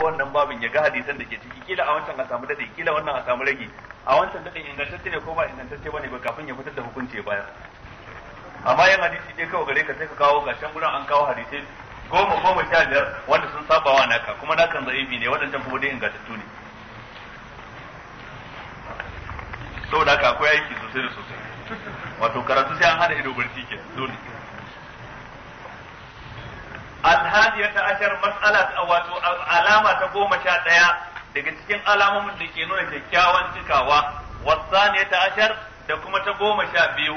wannan babin ya ga hadisan da ke ciki kila a wancan a samu dade kila wannan a samu rage a wancan dade ingantacce ne ko ba ingantacce bane ba kafin ya fitar da hukunci ya bayar amma yan hadisi dai kawai gare ka sai ka kawo gashan gurin an kawo hadisai goma goma sha biyar wanda sun saba wa naka kuma nakan za'ibi ne waɗancan kuma dai ingantattu ne saboda haka akwai aiki sosai da sosai wato karatu sai an hada ido barci ke dole الهادية عشر مسألة ta علامة sha ɗaya daga cikin alamomin da ke nuna kyakkyawan cikawa wasaniya ta ta'ashar da kuma ta goma sha biyu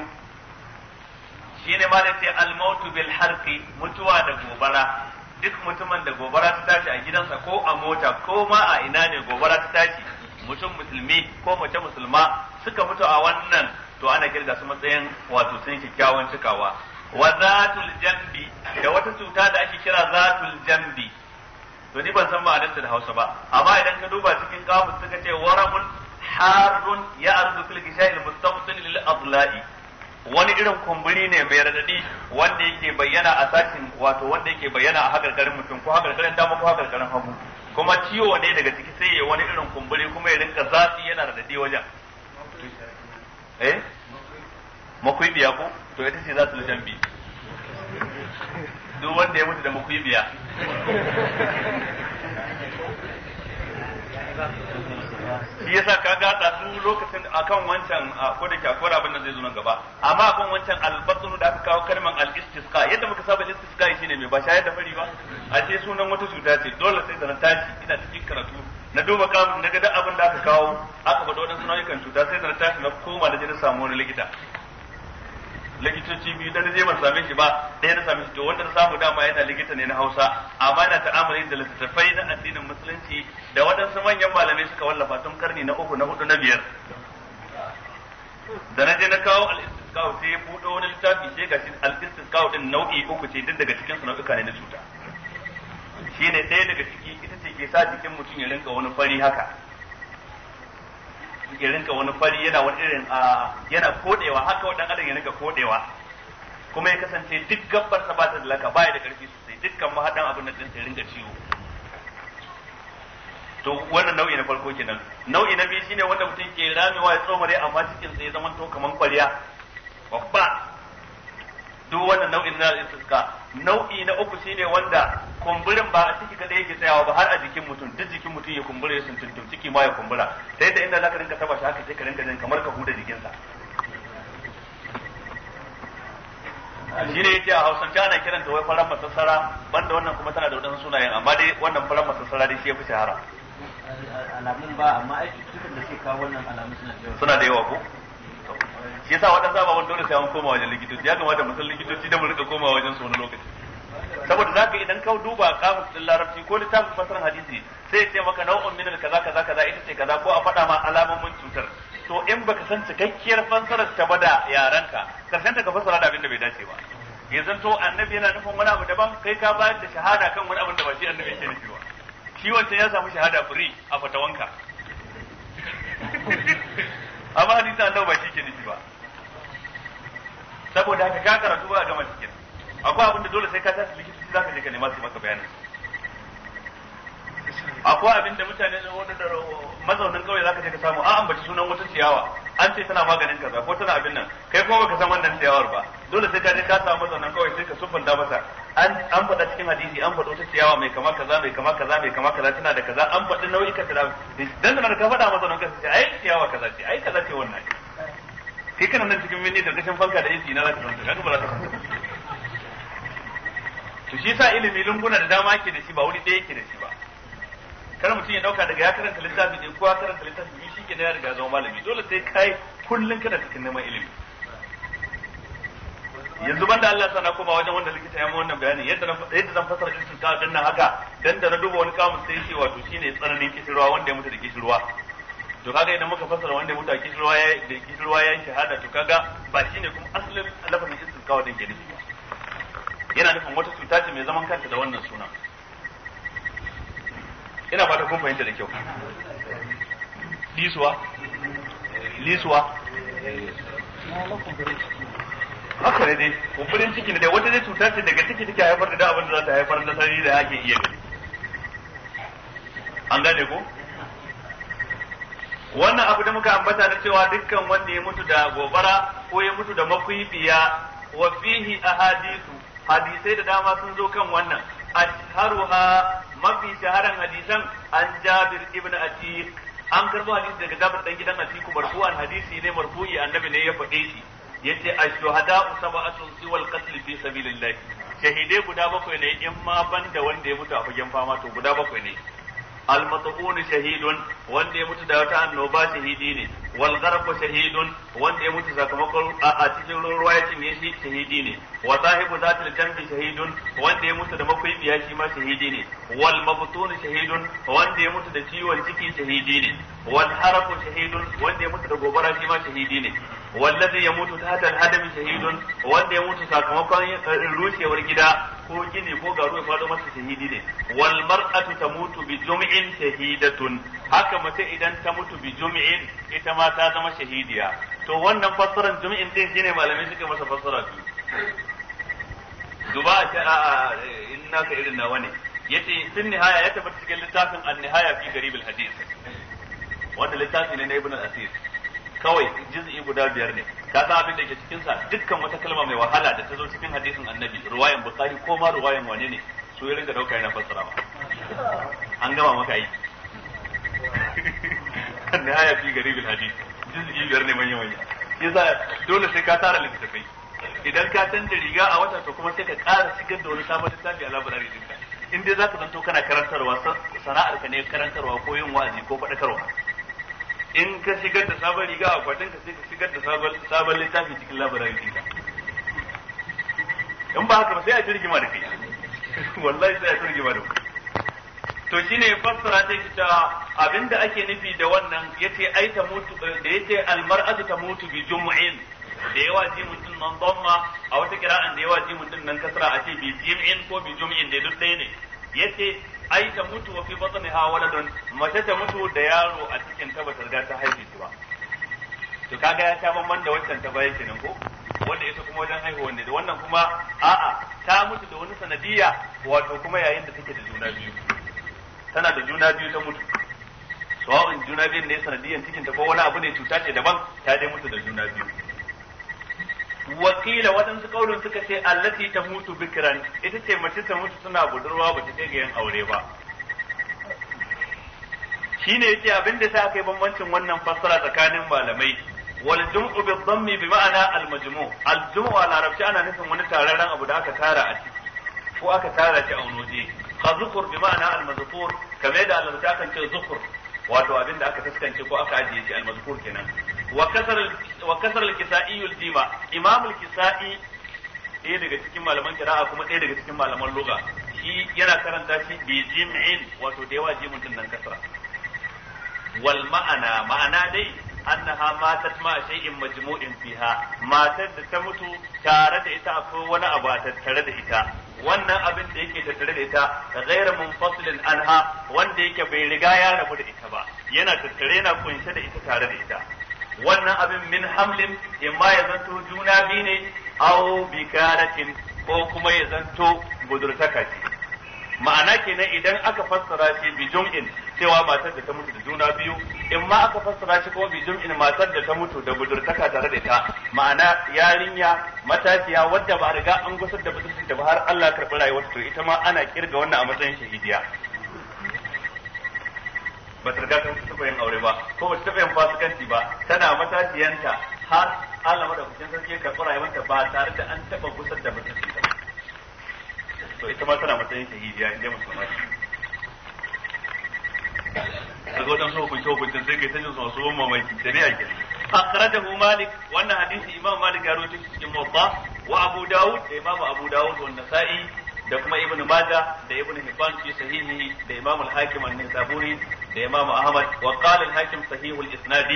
shine ma da ce almautu bil harqi mutuwa da gobara duk mutumin da gobara ta tashi a gidansa ko a mota ko ma a ina ne gobara ta tashi mutum musulmi ko mace musulma suka mutu a wannan to ana kirga su matsayin wato sun kyakkyawan cikawa wa zatul jambi da wata cuta da ake kira zatul jambi to ni ban san ma'anarta da Hausa ba amma idan ka duba cikin kafin suka ce waramun harun ya arzu fil gishail mustaqsin lil adla'i wani irin kumburi ne mai radadi wanda yake bayyana a sashin wato wanda yake bayyana a hakarkarin mutum ko hakarkarin dama ko hakarkarin hagu kuma ciwo ne daga ciki sai ya wani irin kumburi kuma ya rinka zafi yana radadi wajen eh makuibiya ko to ita ce za su jambi duk wanda ya mutu da makwibiya shi yasa ka gada su lokacin akan wancan ko da kyakkyawa abin da zai zo nan gaba amma akan wancan albatsun da aka kawo kalman al-istisqa yadda muka saba istisqa ne mai ba shayar da fari ba a ce sunan wata cuta ce dole sai da na tashi ina cikin karatu na duba kamun na gada duk abin da aka kawo aka faɗo wadansu nau'ikan cuta sai da na tashi na koma da jini samu wani likita likitoci biyu dan zai ban same shi ba ɗaya na same shi to wanda na samu dama yana likita ne na Hausa amma ta ta'amali da littattafai na addinin musulunci da waɗansu manyan malamai suka wallafa tun karni na uku na hudu na biyar da na je na kawo al-istisqa'u sai ya buɗo wani littafi sai shi al-istisqa'u din nau'i uku ce duk daga cikin su nau'uka ne na cuta shine ɗaya daga ciki ita ce ke sa jikin mutum ya rinka wani fari haka ya rinka wani fari yana wani irin yana kodewa haka wadan adam ya rinka kodewa kuma ya kasance duk gabbar sa ba ta da laka baya da karfi sosai dukkan mahadan abin da sai rinka ciwo to wannan nau'i na farko kenan nau'i na biyu shine wanda mutum ke ramewa ya tsomare amma cikin sai ya zama to kaman kwariya babba duk wannan nau'in na iska nau'i na uku shine wanda kumburin ba a ciki kadai yake tsayawa ba har a jikin mutum duk jikin mutum ya kumbura ya suntuntum ciki ma ya kumbura ta yadda inda zaka rinka taba shi haka sai ka rinka jin kamar ka huda jikinsa shi ne yake a Hausa ta ana kiranta wai farar masassara banda wannan kuma tana da wadansu sunayen amma dai wannan farar masassara dai shi ya fi shahara alamun ba amma cikin da suke kawo wannan alamun suna da yawa ko shi yasa waɗansu ababen dole sai an koma wajen likitoci ya kamata musan likitoci da mu rika koma wajen su wani lokaci saboda zaka idan ka duba kamus din larabci ko littafin fasaran hadisi sai ya ce maka nau'un minal kaza kaza kaza ita ce kaza ko a faɗa ma alamomin cutar to in baka san cikakkiyar fansarar ta bada da yaranka karshen ta ka fasara da abin da bai dace ba yanzu to annabi yana nufin wani abu daban kai ka bayar da shahada kan wani abin da ba shi annabi ke nufi ba shi wancan ya samu shahada free a fatawanka amma hadisi annabi ba shi ke nufi ba saboda haka ka karatu ba a gama cikin, akwai abin da dole sai ka tashi likita za ka je ka nema su maka bayanin akwai abin da mutane mazaunin kauye za ka je ka samu an bace sunan wata ciyawa an ce tana maganin kaza ko tana abin nan kai kuma baka san wannan ciyawar ba dole sai ka je ka samu mazaunin kauye sai ka sufanta masa an faɗa cikin hadisi an faɗa wata ciyawa mai kama kaza mai kama kaza mai kama kaza tana da kaza an faɗi nau'ikan da dan nan ka faɗa mazaunin kauye sai ai ciyawa kaza ce ai kaza ce wannan kai kana nan cikin minni karkashin fanka da AC na za ka fanta kaga ba za ka fanta to shi sa ilimi lunguna da dama yake da shi ba wuri ɗaya yake da shi ba kar mutum ya dauka daga ya karanta littafi ɗaya ko ya karanta littafi ne shi ke da ya riga zama malami dole sai kai kullum kana cikin neman ilimi yanzu banda Allah sana koma wajen wanda likita ya wannan bayanin yadda yadda zan fasara irin ka dan nan haka dan da na duba wani kamus sai ce wato shine tsananin kishirwa wanda ya mutu da kishirwa to kaga idan muka fassara wanda mutu a kishirwa ya da kishirwa ya shahada to kaga ba shine kuma asalin lafazin istilkawa din ke nufi yana nufin wata cuta ce mai zaman kanta da wannan suna ina fata kun fahimta da kyau lisuwa lisuwa haka ne dai kumfurin ciki ne dai wata dai cuta ce daga ciki take haifar da abin da za ta haifar da sarari da ake iya an gane ko wannan abu da muka ambata na cewa dukkan wanda ya mutu da gobara ko ya mutu da makwibiya wa fihi ahadithu hadisai da dama sun zo kan wannan ashharuha mafi shaharan hadisan an Jabir ibn Atiq an karbo hadisi daga Jabir dan gidan Atiq an hadisi ne marfu'i annabi ne ya faɗe shi yace ash-shuhada sab'atun siwal qatl fi sabilillah shahidai guda bakwai ne in ma banda wanda ya mutu a fagen fama to guda bakwai ne المطعون shahidun wanda ya mutu da wata annoba shahidi ne wal shahidun wanda ya mutu sakamakon a cikin ruwa ya cinye shi shahidi ne wa sahibu zatil jambi shahidun wanda ya mutu da makuibiya shi ma shahidi ne wal mabtun shahidun wanda ya mutu da ciwon ciki shahidi ne wal haraku shahidun wanda ya mutu da gobara shi ma shahidi ne wallazi yamutu tahta al-hadami shahidun wanda ya mutu sakamakon rushewar gida ko gini ko garu ya faɗo masa shahidi ne wal mar'atu tamutu bi jum'in shahidatun haka mace idan ta mutu bi jum'in ita ta zama shahidiya to wannan fassarar jum'in din shine malamai suka masa fassara biyu duba a in naka irin nawa ne yace sun nihaya ya littafin wanda littafi ne na ibn al kawai juz'i guda biyar ne ka san abin da ke cikin sa dukkan wata kalma mai wahala da ta zo cikin hadisin annabi ruwayan bukhari ko ma ruwayan wane ne su yi rinka dauka yana fassara ma an gama maka aiki nihaya fi gari bil hadis juz'i biyar ne manya manya yasa dole sai ka tara littafai idan ka canza riga a wata to kuma sai ka ƙara shigar da wani sabon littafi a labarari dinka in dai za ka zanto kana karantarwa sana'ar ka ne karantarwa ko yin wa'azi ko faɗakarwa in ka shigar da sabon riga a kwatin ka sai ka shigar da sabon littafi cikin labarai ɗinka in ba haka ba sai a ma da kai wallahi sai a ma da kai to shine fassara ta ki ta abinda ake nufi da wannan yace ai ta mutu da yace almar'atu ta mutu bi jum'in da yawa ji mutun nan dhamma a wata kira'an da yawa ji mutun nan kasra a ce bi jum'in ko bi jum'in da duk ɗaya ne yace ai ta mutu wa fi ha waladun mace ta mutu da yaro a cikin ta bata riga ta haife shi ba to kaga ya ta bamban da wancan ta bayan kenan ko wanda ita kuma wajen haihuwa ne da wannan kuma a'a ta mutu da wani sanadiyya wato kuma yayin da take da juna biyu tana da juna biyu ta mutu sawa'un juna biyun ne sanadiyyan cikin ta ko wani abu ne cuta ce daban ta dai mutu da juna biyu wakila waɗansu ƙaunin suka ce allati ta mutu bikiran ita ce mace ta mutu suna budurwa ba ta kai yin aure ba shine yace abin da aka kai bambancin wannan fassara tsakanin malamai wal jum'u bi dhammi bi ma'ana al majmu' al jum'u al larabci ana nufin wani tararren abu da aka tara a ciki ko aka tara shi a wani ka zukur bi ma'ana al mazkur kamar da al akan ce zukur wato abin da aka taskance ko aka ajiye shi al mazkur kenan wa kasar wa kasar al imam al ɗaya daga cikin malaman kira'a kuma ɗaya daga cikin malaman lugha shi yana karanta shi bi jim'in wato da yawa jimin nan kasra wal ma'ana ma'ana dai annaha matat ma shay'in majmu'in fiha matar da ta mutu tare da ita akwai wani abu a tattare da ita wannan abin da yake tattare da ita ghayr munfasilin anha wanda yake bai riga ya rabu da ita ba yana tattare yana kunshe da ita tare da ita wannan abin min hamlin in ma ya zanto juna biyu ne bi karatin ko kuma ya zanto budurtaka ce ma'ana kenan idan aka fassara shi bi jum'in cewa matar da ta mutu da juna biyu in ma aka fassara shi kuma bi jum'in matar da ta mutu da budurtaka tare da ta ma'ana yarinya matashiya wadda ba riga an gusar da budurtaka ba har Allah karɓi rayuwar to ita ma ana kirga wannan a matsayin shahidiya ba ta riga ta taɓa yin aure ba ko ba ta taɓa yin fasikanci ba tana matashiyanta har Allah madaukakin sarki ya karɓi rayuwarta ba tare da an taɓa gusar da mutum ba to ita ma tana matsayin shahidiya inda musulma ce daga waɗansu hukunce hukunce sai kai ta jin masu ban mamaki da ne a gina akhrajahu malik wannan hadisi imam malik ya rubuta cikin muwatta wa abu daud da imam abu daud wa nasa'i da kuma ibn majah da ibn hibban fi sahihi da imam al-hakim an-nisaburi da imam ahmad wa qala al-hakim sahih al-isnad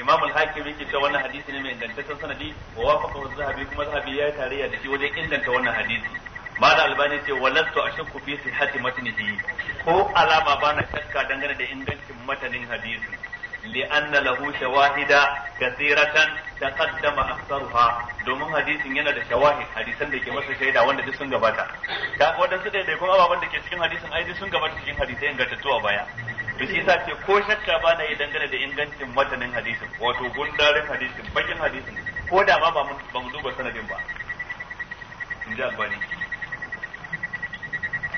imam al-hakim yake cewa wannan hadisi ne mai ingantaccen sanadi wa wafaqa az-zahabi kuma zahabi ya tarayya da shi wajen inganta wannan hadisi mala albani ce walastu ashakku fi sihhati matnihi ko alama bana shakka dangane da ingancin matanin hadisi لأن له شواهد كثيرة تقدم أكثرها domin hadisin yana da shawahid hadisan da ke masa shaida wanda duk sun gabata ta wadan su da kuma ababan da ke cikin hadisin ai duk sun gabata cikin hadisai ingantattu a baya to shi yasa ce ko shakka ba na yi dangane da ingancin matanin hadisin wato gundarin hadisin bakin hadisin ko da ma ba mu duba sanadin ba in ji albani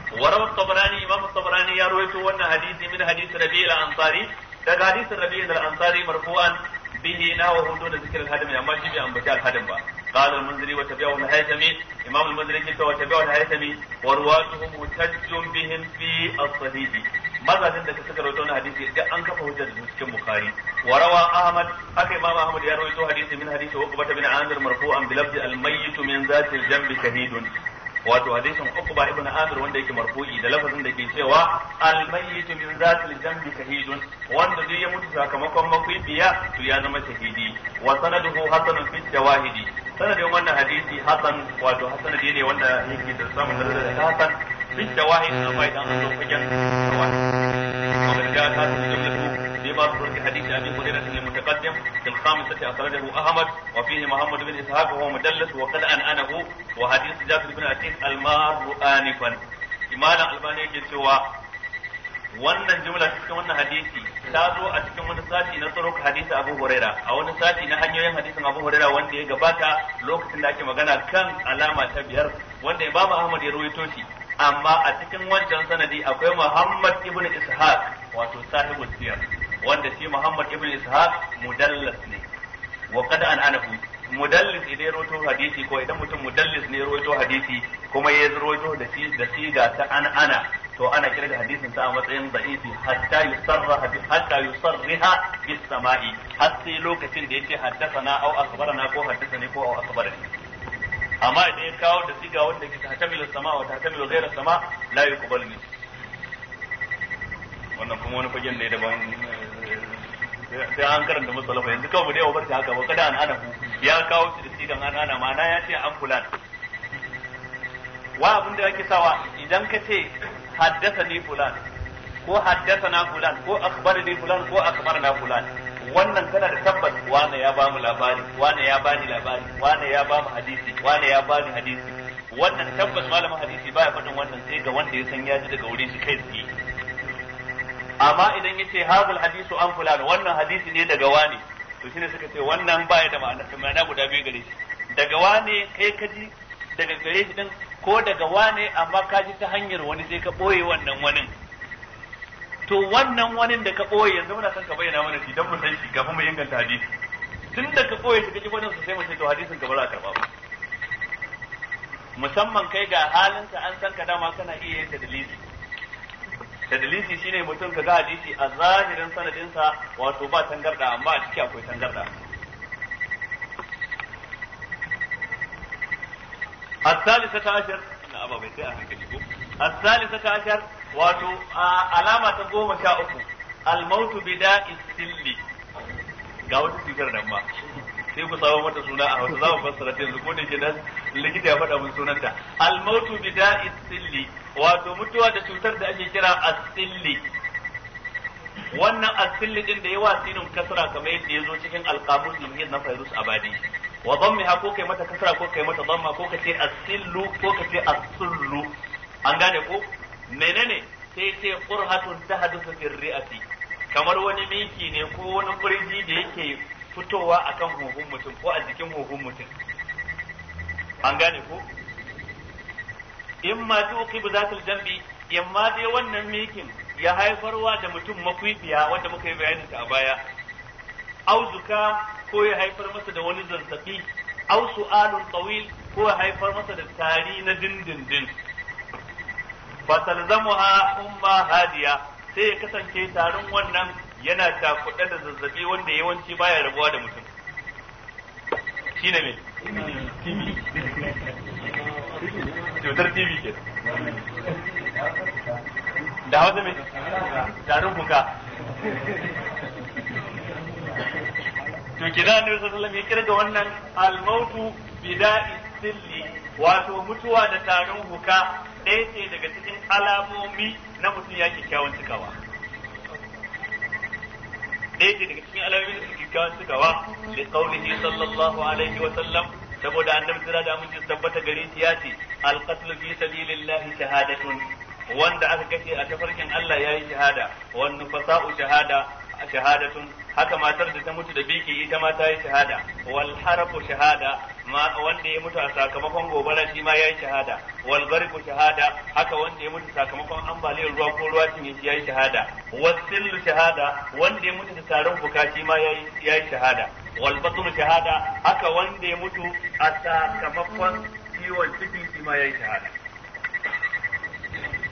وروى الطبراني إمام الطبراني يروي أن حديث من حديث ربيع الأنصاري daga hadisin rabi'i al-ansari marfu'an bihi nawahu da zikr al-hadami amma shi bai ambaci al-hadam ba قال المنذري وتبعه الهيثمي إمام المنذري كتب وتبعه الهيثمي ورواته محتج بهم في الصحيح mazajen da suka rawaito na hadisi da an kafa hujjar da cikin bukhari wa rawa ahmad haka imam ahmad ya rawaito hadisi min hadisi uqba bin amir marfu'an bi lafzi al mayyit min zati al janbi shahidun wato hadisin Uqba ibn Amir wanda yake marfu'i da lafazin da ke cewa al-mayyit min zatil jambi shahidun wanda zai ya mutu sakamakon mafiya to ya zama shahidi wa sanaduhu hasanun fi jawahidi sanadin wannan hadisi hasan wato hasan ne wanda yake da samun da hasan fi jawahid amma idan an zo fagen jawahid kamar da ta jumlatu باب فرد حديث ابي هريره المتقدم في الخامسه اخرجه احمد وفيه محمد بن اسحاق وهو مدلس وقد انانه وحديث جابر بن عتيق المار انفا امام الباني يجي wannan jumla cikin wannan hadisi ta zo a cikin wani sati na tsarok hadisi Abu Huraira a wani sati na hanyoyin hadisin Abu Huraira wanda ya gabata lokacin da ake magana kan alama ta biyar wanda Imam Ahmad ya rawaito shi amma a cikin wancan sanadi akwai Muhammad ibn Ishaq wato sahibul siyar wanda shi Muhammad ibn Ishaq mudallas ne wa qad an anahu mudallis idan ya roto hadisi ko idan mutum mudallis ne roto hadisi kuma ya roto da shi da siga ta an ana to ana kira da hadisin sa a matsayin da'ifi hatta yusarraha bi hatta yusarriha bis sama'i har sai lokacin da yace haddathana au akhbarana ko haddathani ko au akhbarani amma idan ya kawo da siga wanda ke tahtamilu sama wa tahtamilu ghayra sama la yuqbalu wannan kuma wani fagen ne daban sai an karanta lafa yanzu kawai dai wabar haka ba kada an ana ya kawo shi da sigan an ana ma'ana ya ce an kula wa abin da ake sawa idan ka ce haddasa ni fulan ko haddasa na fulan ko akbar ni fulan ko akbar na fulan wannan kana da tabbas wane ya ba mu labari wane ya bani labari wane ya ba mu hadisi wane ya bani hadisi wannan tabbas malamin hadisi baya faɗin wannan sai ga wanda ya san ya ji daga wurin shi kai tsaye amma idan yace hadal hadisu an fulani wannan hadisi ne daga wani to shine suka ce wannan baya da ma'ana ma'ana guda biyu gare shi daga wani kai kaji daga gare shi din ko daga wani amma kaji ta hanyar wani sai ka boye wannan wani to wannan wani da ka boye yanzu muna son ka bayyana mana shi dan mu san shi kafin mu inganta hadisi tun da ka boye shi kaji wannan sai mu ce to hadisin ka ba za ka karba ba musamman kai ga halinka an san ka dama kana iya yin tadlisi Da shi shine mutum ga hadisi a zahirin sanadin sa wato ba tangarda amma a ciki akwai tangarda الثالثة عشر لا أبا بيتي الثالثة عشر واتو علامة قوم شاء الموت بداء قاوة sai ku samu mata suna a Hausa za mu fassara ta yanzu ko da yake da likita ya faɗa mun sunanta al-mautu bi da'i silli wato mutuwa da cutar da ake kira as-silli wannan as-silli din da yawa sinin kasra kamar yadda yazo cikin al-qamus al-muhit na fayrus Abadi wa dhammiha ko kai mata kasra ko kai mata dhamma ko kace as-sillu ko kace as-sullu an gane ko menene sai ce qurhatun tahaddathu fi ri'ati kamar wani miki ne ko wani kurji da yake fitowa kan huhun mutum ko a jikin huhun mutum an gane ko in ma ba zatul jambi in ma dai wannan mikin ya haifarwa da mutum makwifiya wanda muka yi bayani ta a baya auzuka ko ya haifar masa da wani zazzabi au su'alun tawil ko ya haifar masa da tari na dindindin fatalzamuha umma hadiya sai ya kasance tarin wannan yana takuɗe da zazzabi wanda yawanci baya rabuwa da mutum shi ne me tv cutar tv ke da hausa me tarin fuka to kira ne wasu salam ya kira da wannan almautu bida'i silli wato mutuwa da tarin fuka ɗaya ce daga cikin alamomi na mutum ya kyakkyawan cikawa ɗaya ce daga cikin alamomin da suke kawo cikawa li qawlihi sallallahu alaihi wa sallam saboda annabi sira da mun tabbata gare shi ya ce al fi sabilillahi shahadatun wanda aka kashe a tafarkin Allah yayi shahada wan nufasa'u shahada shahadatun haka matar da ta mutu da biki ita ma ta yi shahada wal harafu shahada wanda ya mutu a sakamakon gobara shi ma yayi shahada wal barku shahada haka wanda ya mutu sakamakon ambaliyar ruwa ko ruwa cin shi yayi shahada wasillu shahada wanda ya mutu da tarin fuka shi ma yayi yayi shahada wal batru shahada haka wanda ya mutu a sakamakon ciwon ciki shi ma yayi shahada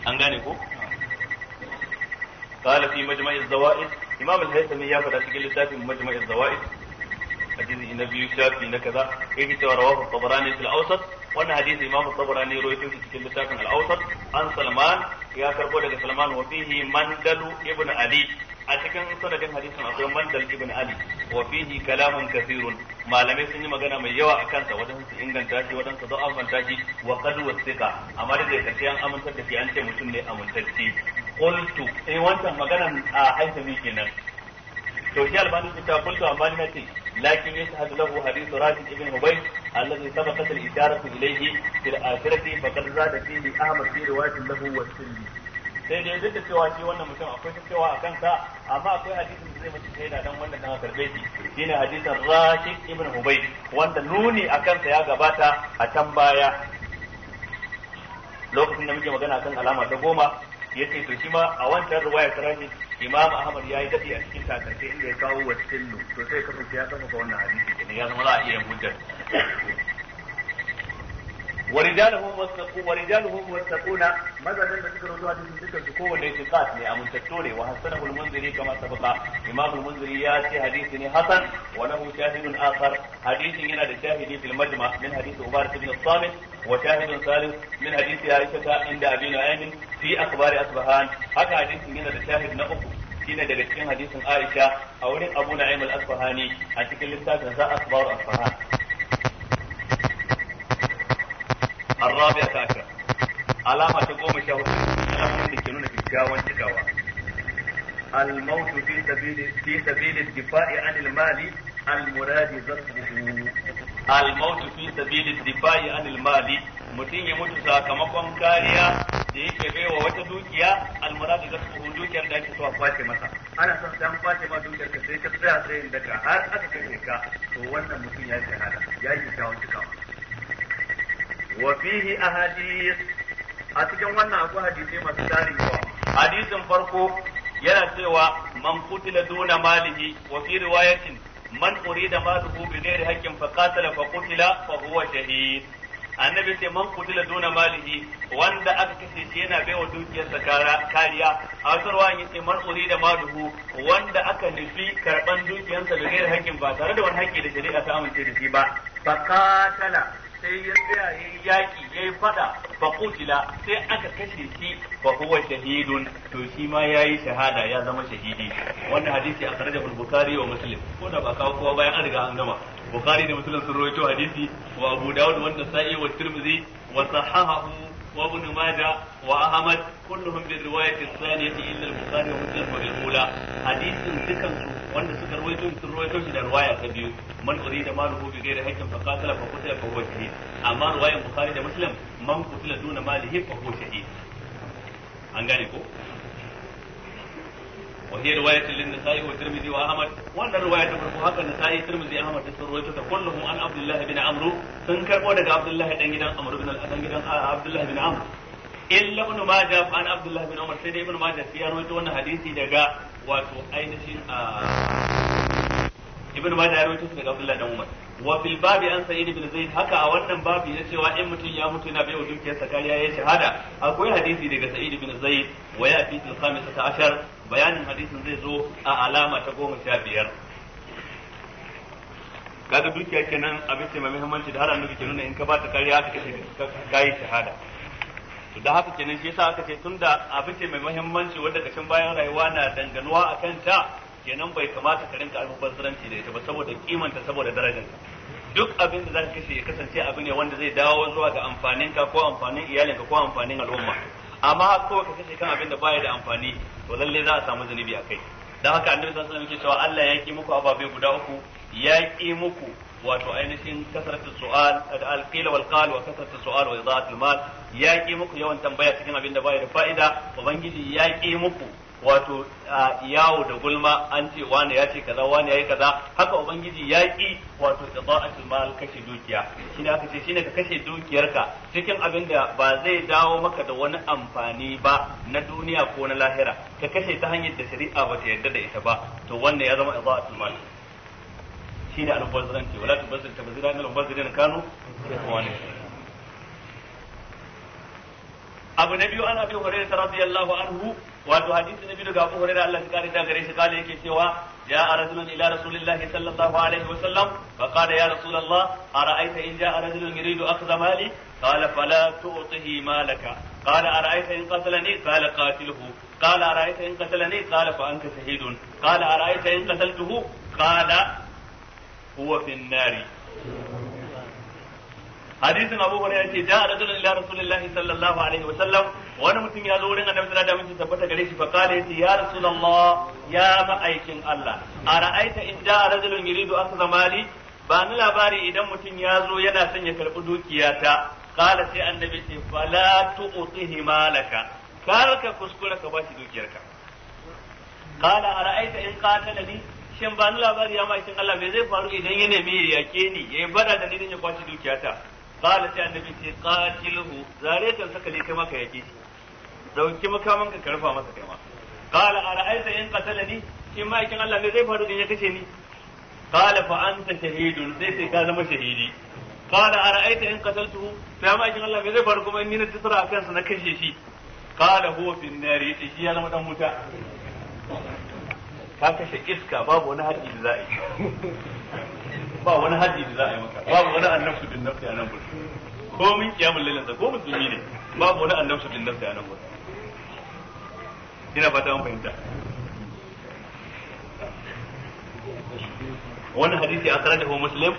an gane ko قال في مجمع الزوائد إمام الهيثمي يا فتاة مجمع الزوائد hadisi na na kaza yake cewa rawahu wannan hadisi imamu tabarani cikin littafin al awsat ya karbo daga salman wa mandalu ibn ali a cikin sanadin hadisin akwai mandal ali wa fihi kalamun malamai sun yi magana mai yawa akan sa wajen su inganta shi wajen su da'afanta ce mutum ne amintacce eh, kenan to shi لكن يشهد له حديث راشد بن هبيل الذي سبقت الإشارة إليه في الآخرة فقد زاد فيه أحمد في رواية له والسلمي sai dai duk da cewa shi wannan mutum akwai cewa a kansa amma akwai hadisin da zai mace da dan wannan dan karbe shi shine hadisin Rashid ibn Hubayb wanda nuni a kansa ya gabata a can baya lokacin da muke magana kan alama ta goma yace to shi ma a wancan riwaya ta rabi imam ahmad ya yi dadi a cikin takarce inda ya kawo wa sillu to sai kasance ya kafa wannan hadisi ne ya zama za a iya hujjar ورجالهم na ورجالهم وثقون ماذا لم تذكر cikin من ذكر shi اتقاط ne a ne. wa hasanahu al-munziri kama sabaqa imam al-munziri ya ce hadisi ne hasan wa lahu shahidun akhar hadisin yana da shahidi fil majma' min hadisi ubarat ibn as-samit wa shahidun salis min hadisi aisha inda abin abi nu'aym fi akhbari asbahan haka hadisin yana da shahid na uku shine daga cikin hadisin Aisha a wurin Abu Na'im al-Asbahani a cikin littafin sa Akhbar Asbahan عشر علامة تقوم شهر علامة تكون في الشاوان تكاوى الموت في سبيل في سبيل الدفاع عن المال المراد ذكره الموت في سبيل الدفاع عن المال mutum ya mutu sakamakon kariya da yake baiwa wata dukiya almuradu da su dukiyar da ake so a kwace masa ana son dan kwace ma dukiyar ka sai ka tsaya in daga har aka kashe ka to wannan mutum ya yi hada ya yi wani kawo wa fihi ahadith a cikin wannan akwai hadisi masu tarin yawa hadisin farko yana cewa man qutila duna malihi wa fi riwayatin man urida maluhu bi ghairi haqqin fa qatala fa qutila fa huwa shahid annabi sai man kutila duna malihi wanda aka kace shi yana baiwa dukiyarsa kariya a wasu ruwa yace man da maluhu wanda aka nufi karban dukiyarsa da gairar hakkin ba tare da wani hakki da shari'a ta amince da shi ba fakatala sai ya tsaya ya yi yaƙi ya yi fada ba kutila sai aka kashe shi ba kuwa shahidun to shi ma ya yi shahada ya zama shahidi wannan hadisi a da bukari wa muslim ko da ba kawo kowa bayan an riga an gama bukari da muslim sun rawaito hadisi wa abu dawud wanda sa'i wa tirmidhi wa sahahu وابن ماجه واحمد كلهم بالروايه الثانيه الا البخاري a بالاولى حديث ذكر wanda suka rawaito sun rawaito shi da riwaya ta biyu man da maluhu bi ghairi haqqin fa qatala fa a fa huwa shahid amma riwayan bukhari da muslim man qutila duna malihi fa huwa shahid an gane ko وهي رواية للنسائي والترمذي وأحمد وأن الرواية تفرق حق النسائي الترمذي أحمد تسرويته كلهم عن عبد الله بن عمرو سنكر ودك عبد الله بن جدان عمرو بن عبد الله بن عمرو إلا ابن ماجه عن عبد الله بن عمر سيدي ابن ماجه في رويته وأن حديثي دقاء واتو أين شيء ibn majah ya rawaito daga abdullahi dan umar wa fil babi an sa'id ibn zaid haka a wannan babi ya cewa in mutum ya mutu yana bayo dukiyarsa kariya ya shahada akwai hadisi daga sa'id ibn zaid wa ya fi al-khamisata ashar bayanin hadisin zai zo a alama ta goma sha biyar kaga dukiya kenan abin ce mai muhimmanci da har annabi ke nuna in ka ba ta kariya ka ka kai shahada to da haka kenan shi yasa aka ce tunda abin ce mai muhimmanci wanda kashin bayan rayuwa na danganuwa kan ta kenan bai kamata ka rinka almubazzaranci da ita ba saboda kimanta saboda darajarta duk abin da ka kashe ya kasance abu ne wanda zai dawo zuwa ga amfaninka ko amfanin iyalinka ko amfanin al'umma amma ko ka kashe kan abin da baya da amfani to lalle za a samu zunubi a kai dan haka annabi sallallahu alaihi wasallam yake cewa Allah ya ki muku ababe guda uku ya ki muku wato ainihin kasratu su'al al-qila wal qal wa kasratu su'al wa idaatul mal ya ki muku yawan tambaya cikin abin da baya da fa'ida ubangiji ya ki muku wato yawo da gulma an ce wani ya ce kaza wani ya yi kaza haka ubangiji ya yi wato da mal kashe dukiya ne aka ce ne ka kashe dukiyarka cikin abin da ba zai dawo maka da wani amfani ba na duniya ko na lahira ka kashe ta hanyar da shari'a ba ta yarda da ita ba to wannan ya zama qada'atul mal shine al-bazranti wala tubazzir tabziran al-bazrin kanu ikhwani abu na biyu an abi hurairah radiyallahu anhu wato hadisi na biyu daga Abu Hurairah Allah ya kare da gare shi kale yake cewa ya rajulun ila rasulillahi sallallahu alaihi wa sallam fa qala ya rasulullah ara'aita in ja'a rajulun yuridu akhdha mali qala fala tu'tihi malaka qala ara'aita in qatalani qala qatiluhu qala ara'aita in qatalani qala fa anta shahidun qala ara'aita in qataltuhu qala huwa fi an hadisin Abu Hurairah yace da rajulun ila Rasulillah sallallahu alaihi wa sallam wani mutum ya zo wurin Annabi sallallahu alaihi wasallam tabbata gare shi fa kale yace ya Rasulullah ya ma'aikin Allah ara'aita da rajulun yuridu akhdha mali ba ni labari idan mutum ya zo yana son ya karbi dukiyata kala sai annabi ce fala tu'tihi malaka kar ka kuskura ka bashi dukiyarka kala ara'aita in qatala ni shin ba ni labari ya ma'aikin Allah me zai faru idan ya nemi yake ni ya bada da ni ya kwaci dukiyata qala sai annabi ce qatiluhu zare kan saka ne kai ma ka yake shi dauki makaman ka karfa masa kai ma qala ara'aita in ni in ma yakin Allah ne zai faru in ya kashe ni qala fa an ta shahidu sai sai ka zama shahidi qala ara'aita in qataltuhu sai ma yakin Allah ne zai faru kuma in ni na tsara akan sa na kashe shi qala huwa fi an-nar yace shi ya zama dan wuta ka kashe iska babu wani haƙi da za yi ba wani haji da za a yi maka babu wani annabtu bin nafsi a nan gurin ko min kiyamul lailin sa ko musulmi ne babu wani annabtu bin nafsi a nan gurin ina fata an fahimta wani hadisi a akhrajahu muslim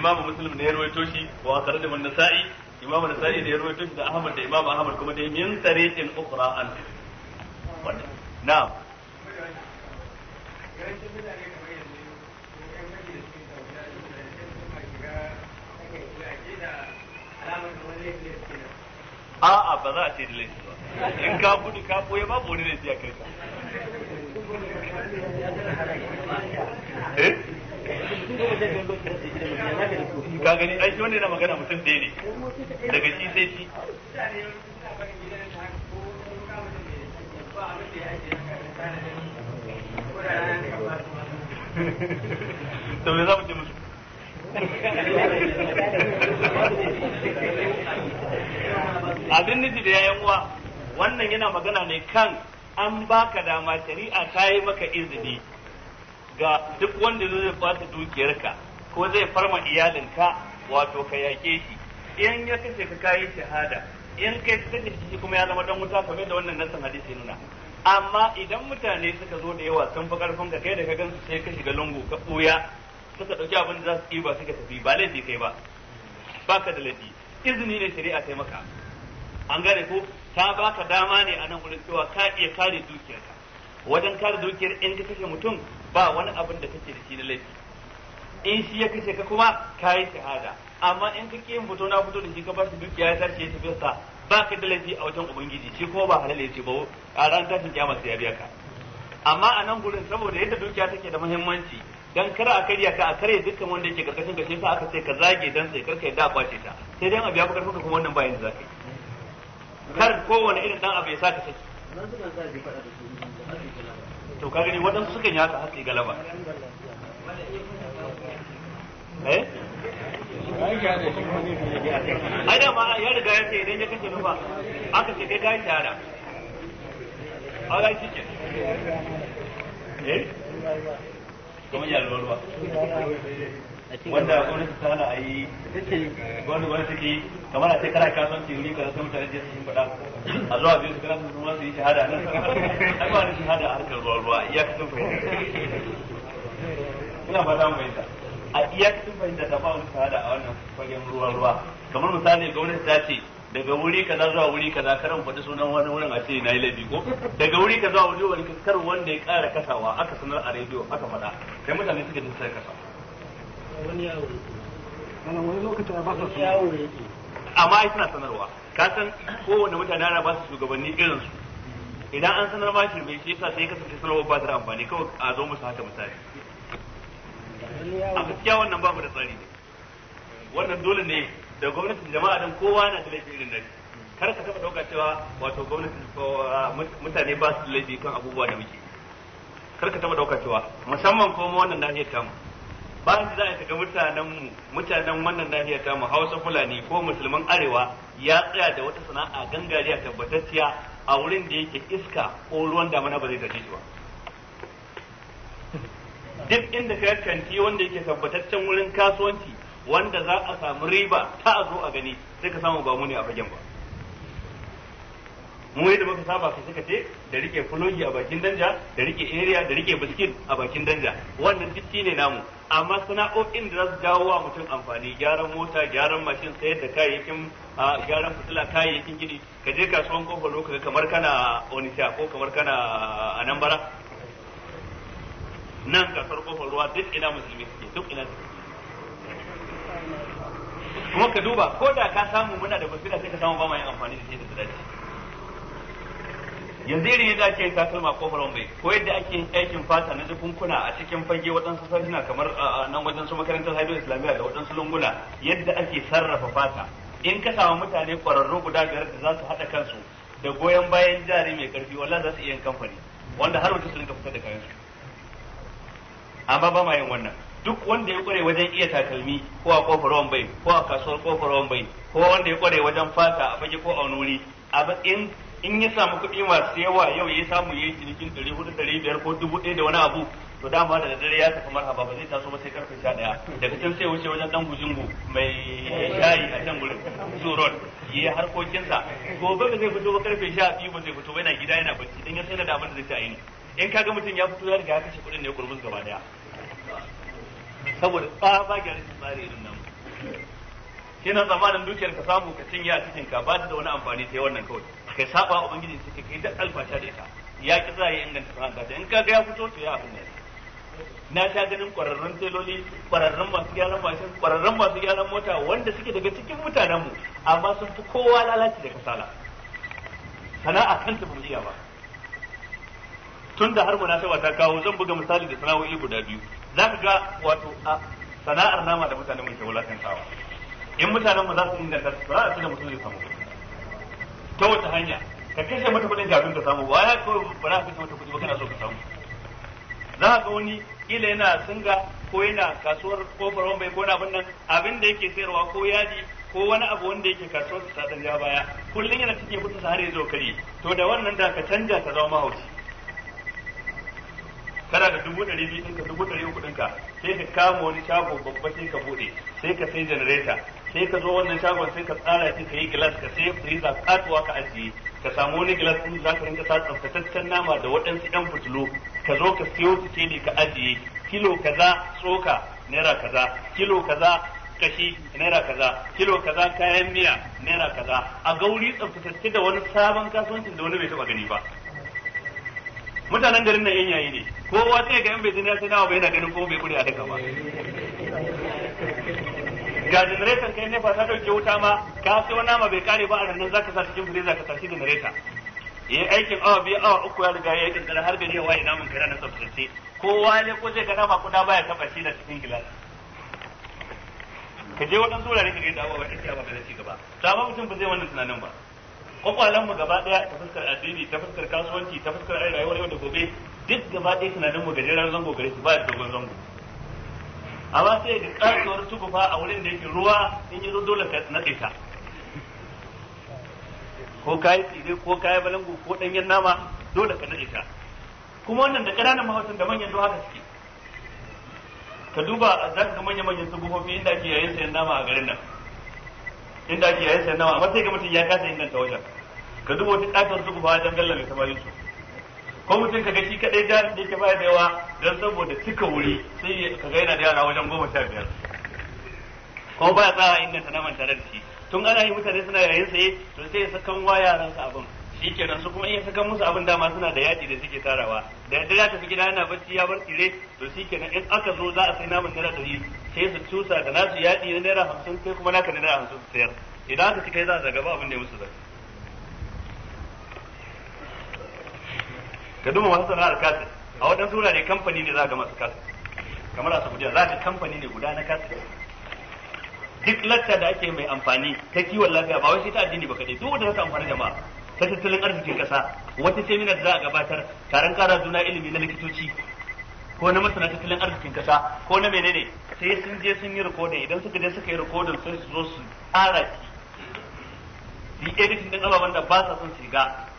imamu muslim ne ya rawaito shi wa akhrajahu man nasai imamu nasa'i ne ya rawaito shi da ahmad da imamu ahmad kuma dai min tariqin ukhra an na'am a'a ba za a ce da laifi ba in ka gudu ka babu wani laifi a kai eh? ka gani ai yana magana mutum ɗaya ne daga shi sai shi to mi abin da yayan uwa wannan yana magana ne kan an baka dama a ta yi maka izini ga duk wanda zai bata dukiyarka ko zai farma iyalinka wato ka yake shi in ya kace ka kayi shahada in kai ka kace shi kuma ya zama dan wuta kamar da wannan nasan hadisi nuna amma idan mutane suka zo da yawa sun fi karfin ka kai da ka gansu sai ka shiga lungu ka ɓuya suka ɗauki abin da za su ɗiba suka tafi ba laifi kai ba baka da laifi izini ne shari'a ta maka an gane ko ta baka dama ne a nan wurin cewa ka iya kare dukiyarka wajen kare dukiyar in ka kashe mutum ba wani abin da kake da shi na laifi in shi ya kashe ka kuma ka yi shahada amma in ka yin fito na fito da shi ka ba shi dukiya ya tashi ya tafi sa ba ka da laifi a wajen ubangiji shi ko ba halal ce ba a ran tashin kiyama sai ya biya ka amma a nan gurin saboda yadda dukiya take da muhimmanci dan kar a karya ka a karya dukkan wanda yake karkashin ka sa aka ce ka zage dan sai karka yadda kwace ta sai dai a biya ka kuma wannan ba yanzu zaka kar kowane irin dan abu ya saka saki to ka gani wadansu sukan yi haka har galaba eh ai da ma ya riga ya ce idan ya kashe nufa aka ce kai kai shahada a ga shi ke eh kuma ya ruwa wanda gwamnati ta hana a yi gwamnati gwamnati ke kamar a shekara kasuwanci wuri kaza sai mutane jesu sun faɗa a zuwa biyu su kana su ruwa su yi shahada nan ai ba ni shahada a harkar ruwa ruwa iya kasan fahimta ina ba za mu fahimta a iya iyakacin fahimta ta fa'ul hada a wannan fagen ruwa ruwa kamar misali gwamnati ta ce daga wuri ka za zuwa wuri ka za karan faɗi sunan wani wurin a ce na yi laifi ko daga wuri ka zuwa wuri wani kar wanda ya ƙara kasawa aka sanar a rediyo aka faɗa sai mutane suka ji sai kasa wani yawo wani lokacin ba yake amma ai suna sanarwa ka san kowanne mutane ana ba su shugabanni irin su idan an sanar ma shirme shi yasa sai kasance sanarwa ba ta da amfani kawai a zo musu haka misali a gaskiya wannan ba mu da tsari ne wannan dole ne da gwamnatin jama'a don kowa na da laifin irin nan kar ka taba dauka cewa wato gwamnati mutane ba su da laifi kan abubuwa da muke kar ka taba dauka cewa musamman ko mu wannan nahiyar tamu ba su za a ga mutanen mu mutanen wannan nahiyar tamu Hausa Fulani ko musulman arewa ya tsaya da wata sana'a gangariya tabbatacciya a wurin da yake iska ko ruwan damana ba zai tafi ba duk inda ka kanti wanda yake tabbataccen wurin kasuwanci wanda za a samu riba ta a zo a gani sai ka samu ba mu ne a fagen ba mu yadda muka saba kai suka ce da rike fulogi a bakin danja da rike area da rike biskit a bakin danja wannan duk shine namu amma sana'o'in da za su jawo wa mutum amfani gyaran mota gyaran mashin sayar da kayayyakin gyaran fitila kayayyakin gini ka je kasuwan kofar ka kamar kana onisha ko kamar kana anambara nan ga kofar ruwa duk ina musulmi suke duk ina suke kuma ka duba ko da ka samu muna da basira sai ka samu ba ma yin amfani da shi da dace yanzu irin yadda ake yin takalma kofar wambai ko yadda ake aikin fata na jikunkuna a cikin fage waɗansu sarjina kamar nan wajen su makarantar haidu islamiyya da waɗansu lunguna yadda ake sarrafa fata in ka samu mutane ƙwararru guda biyar da za su haɗa kansu da goyon bayan jari mai ƙarfi wallah za su iya yin kamfani wanda har wata su rinka fitar da kayansu. amma ba ma yin wannan duk wanda ya kware wajen iya takalmi ko a kofar bai ko a kasuwar kofar bai ko wanda ya kware wajen fata a fage ko a wuri in in ya samu kuɗi masu yawa yau ya samu yayi cinikin ɗari hudu ɗari biyar ko dubu ɗaya da wani abu to dama da dare ya tafi marhaba ba zai taso ba sai karfe sha ɗaya daga can sai wuce wajen ɗan gujingu mai shayi a can gurin zuron ya yi harkokinsa gobe ba zai fito ba karfe sha biyu ba zai fito ba yana gida yana bacci dan ya sai da damar da zai ta yi in kaga mutum ya fito daga ya kashe kuɗin ne kurmus gaba daya saboda ba gyara rashin tsari irin nan kina zamanin dukiyar ka samu ka cinye a cikin ka ba ta da wani amfani sai wannan kawai kai saba wa ubangiji sai kai da alfasha da ita ya ki za inganta sana'ar ta in kaga ya fito to ya abin ne na ta ganin kwararrun teloli kwararrun masu gyaran mashin kwararrun masu gyaran mota wanda suke daga cikin mutanenmu amma sun fi kowa lalaci da kasala sana'a kanta ba mu iya ba tun da har munasaba ta kawo zan buga misali da sana'o'i guda biyu za ka ga wato a sana'ar nama da mutanen mu ke wulakantawa in mutanen mu za su inganta za su da mutum zai samu ta wata hanya ka kashe mata kuɗin kafin ka samu ba ya kawai ba za ka kashe mata kuɗi ba kana so ka samu za ka ga wani kila yana singa ko yana kasuwar kofar wambai ko na nan abin da yake sayarwa ko yadi ko wani abu wanda yake kasuwar ta dan baya kullun yana cike fitin sa har ya zo kare to da wannan da ka canja ka zama mahauci kana da dubu ɗari biyu ɗinka dubu ɗari uku ɗinka sai ka kama wani shagon babba sai ka buɗe sai ka sai janareta sai ka zo wannan shagon sai ka tsara sai ka yi gilas ka sai firiza katuwa ka ajiye ka samu wani gilas ɗin za ka rinka sa tsaftataccen nama da waɗansu ɗan fitilu ka zo ka siyo su ne ka ajiye kilo kaza tsoka naira kaza kilo kaza kashi naira kaza kilo kaza kayan miya naira kaza a gauri tsaftatacce da wani sabon kasuwancin da wani bai taɓa gani ba mutanen garin nan yan yayi ne kowa sai ga yan bai zina sai nawa bai yana ganin ko bai kure a daga ba ga generator kai ne fa ta dauke wuta ma ka sai nama bai kare ba a nan zaka sa cikin freezer ka tashi generator yi aikin awa biyu awa uku ya riga ya kankara har bai yawa ina mun kira na tsabtace kowa ne ko zai gana ma kuda baya taba shi da cikin gilas ka je waɗansu wurare ka ga yadda abubuwa ɗin ba ta ci gaba ta ba mutum ba zai wannan tunanin ba kwakwalanmu gaba daya ta fuskar addini ta fuskar kasuwanci ta fuskar ayyuka rayuwar yau da gobe duk gaba daya nan mu gajeren zango gare shi ba da dogon zango amma sai da kasuwar tukufa a wurin da yake ruwa in yi dole ka nade ka ko kayi tsire ko kayi balangu ko danyen nama dole ka nade ka kuma wannan da ƙananan mahautan da manyan haka suke ka duba za zaka manya-manyan tukufofi inda ake yayin sayan nama a garin nan inda ake yayin sayan nama amma sai ga mutum ya kasa inganta wajen ka duba wata katon su kuma wajen galla mai samarin su ko mutum ka ga shi kadai da da yake ba da yawa dan saboda cika wuri sai ka ga yana da yara wajen goma sha biyar ko ba ya tsara inganta naman tare da shi tun ana yi mutane suna yayin saye to sai ya sakan wa yaransa abin shikenan su kuma in suka musu abin dama suna da yaji da suke tarawa da yadda za ta fi gida yana bacci ya bar tsire to shikenan in aka zo za a sai namun naira ɗari sai su cusa da nasu yaji na naira hamsin sai kuma naka na naira hamsin su sayar idan aka cika za a zagaba abin da ya musu zai. ka duba masu sana'ar kasir a waɗansu wurare kamfani ne za ga masu kasir kamar a saudiya za ka kamfani ne guda na kasir duk lacca da ake mai amfani ta kiwon lafiya ba wai sai ta addini ba kadai duk wanda ka amfani jama'a ta tattalin arzikin kasa wata seminar za a gabatar taron kara juna ilimi na likitoci ko na masana tattalin arzikin kasa ko na menene sai sun je sun yi rikodin idan suka je suka yi rikodin sai su zo su tsara shi yi editing din ababen da ba sa son su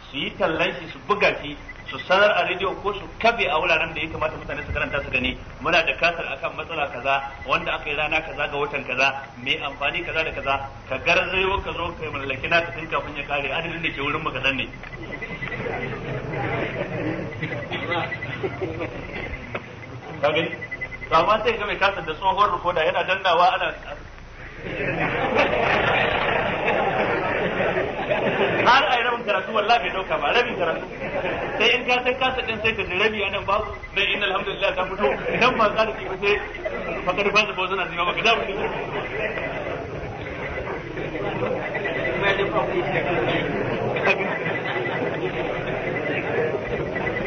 su yi tallan su buga shi su sanar a rediyo ko su kafe a wuraren da ya kamata mutane su karanta su gani muna da kasar akan matsala kaza wanda aka yi rana kaza ga watan kaza mai amfani kaza da kaza ka garzayo ka zo kai mallaki na tun kafin ya kare adadin da ke wurin mu kadan ne ka sai ga mai kasar da tsohon rikoda yana dannawa ana karatu wallahi bai dauka ba rabi karatu sai in ka san kasa din sai ka ji rabi anan babu dan innal hamdulillah ta fito idan ba za ki ba sai fakar ba ba zana zima baka da mu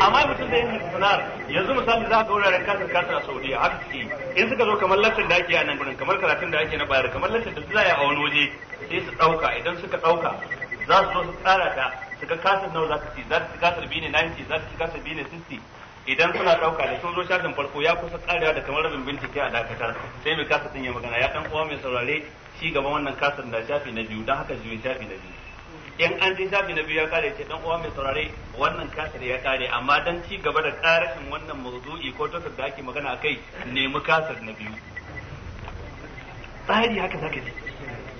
amma mutum da yin sanar yanzu misali za ka wuraren kasar kasar a saudiya haka ke in suka zo kamar lantar da ake a nan gurin kamar karatun da ake na bayar kamar lantar da za a yi a wani waje sai su ɗauka idan suka ɗauka za su zo su tsara ta shiga kasar nawa za ka ci za ka ci kasar biyu ne 90 za ka ci kasar biyu ne 60 idan suna dauka da sun zo shafin farko ya kusa karewa da kamar rabin bincike a dakatar sai mai kasa ɗin ya magana ya ɗan uwa mai saurare shi gaban wannan kasar da shafi na biyu don haka juyi shafi na biyu in an ji shafi na biyu ya kare ce dan uwa mai saurare wannan kasar ya kare amma dan ci gaba da karashin wannan mawdu'i ko tokar da ake magana akai nemi kasar na biyu tsari haka zaka ji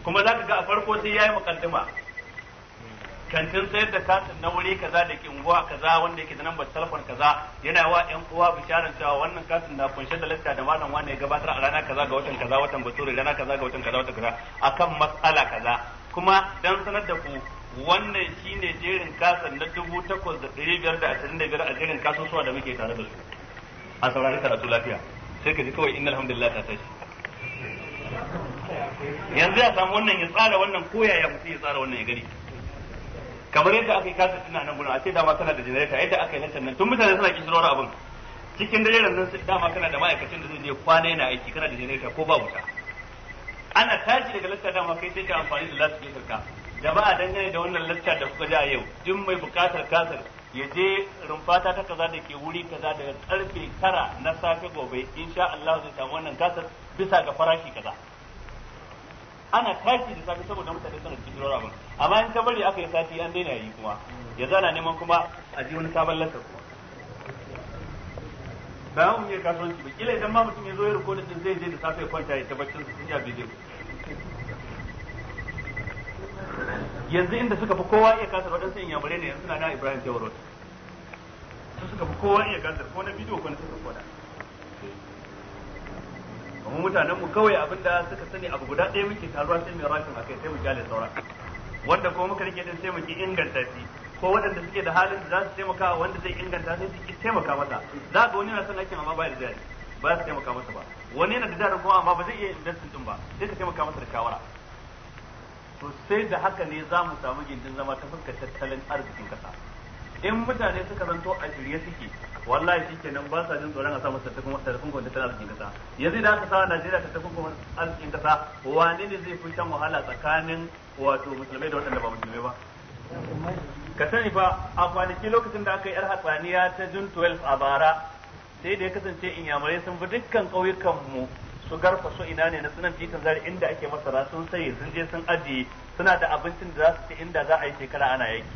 kuma zaka ga a farko sai yayi mukaddima kantin sayar da katin na wuri kaza da ke unguwa kaza wanda yake da nambar telefon kaza yana wa yan uwa bisharan cewa wannan katin na kunshe da lacca da malam wanda ya gabatar a rana kaza ga watan kaza watan batura rana kaza ga watan kaza watan kaza akan matsala kaza kuma dan sanar da ku wannan shine jerin kasan na dubu takwas da ɗari biyar da ashirin da biyar a jerin kasusuwa da muke tare da su a saurari karatu lafiya sai ka ji kawai innal hamdulillah ta tashi yanzu ya samu wannan ya tsara wannan koyaya mutum ya tsara wannan ya gani kamar yadda aka yi kasa tuna nan gudun a ce dama tana da janareta yadda aka yi lantarki nan tun mutane suna kishiro abun abin cikin dare nan sai dama tana da ma'aikacin da zai je kwana yana aiki kana da janareta ko ba wuta ana tashi daga lasta dama kai sai ka amfani da lasfikin ka jama'a dangane da wannan lasta da kuka ji a yau duk mai bukatar kasar ya je rumfata ta kaza da ke wuri kaza daga karfe tara na safe gobe insha Allah zai samu wannan kasar bisa ga farashi kaza ana tashi da safe saboda mutane suna cikin rawa ba amma in ka bari aka yi sati an daina yi kuma ya zana neman kuma a ji wani sabon lasar kuma ba mu yi kasuwanci ba kila idan ma mutum ya zo ya rikodin din zai je da safe ya kwanta ya tabbatar da sun ya bidin yanzu inda suka fi kowa iya kasar waɗansu in yamare ne yanzu na na Ibrahim Jawarot su suka fi kowa iya kasar ko na bidiyo ko na suka kwada kamar mutanen mu kawai abinda suka sani abu guda ɗaya muke taruwa sai mai a kai sai mu kyale saura wanda kuma muka rike din sai mu ki inganta shi ko waɗanda suke da halin da za su taimaka wanda zai inganta sai su ki taimaka masa za ga wani na son aikin amma ba da jari ba su taimaka masa ba wani yana da jari kuma amma ba zai iya investin din ba sai ka taimaka masa da shawara to sai da haka ne za mu samu gindin zama ta fuskar tattalin arzikin kasa in mutane suka zanto a shirye suke wallahi kenan ba sa jin tsoron a sa tattakun gwamnati tana arzikin kasa yanzu da aka sa Najeriya tattakun gwamnati a cikin kasa wane ne zai fi shan wahala tsakanin wato musulmai da waɗanda ba musulmai ba ka sani ba a kwanaki lokacin da aka yi yar hatsaniya ta jun 12 a bara sai da ya kasance inyamurai sun bi dukkan ƙauyukan su garfa su ina ne na sunan titan zari inda ake masara sun sai sun je sun ajiye suna da abincin da za su ci inda za a yi shekara ana yaki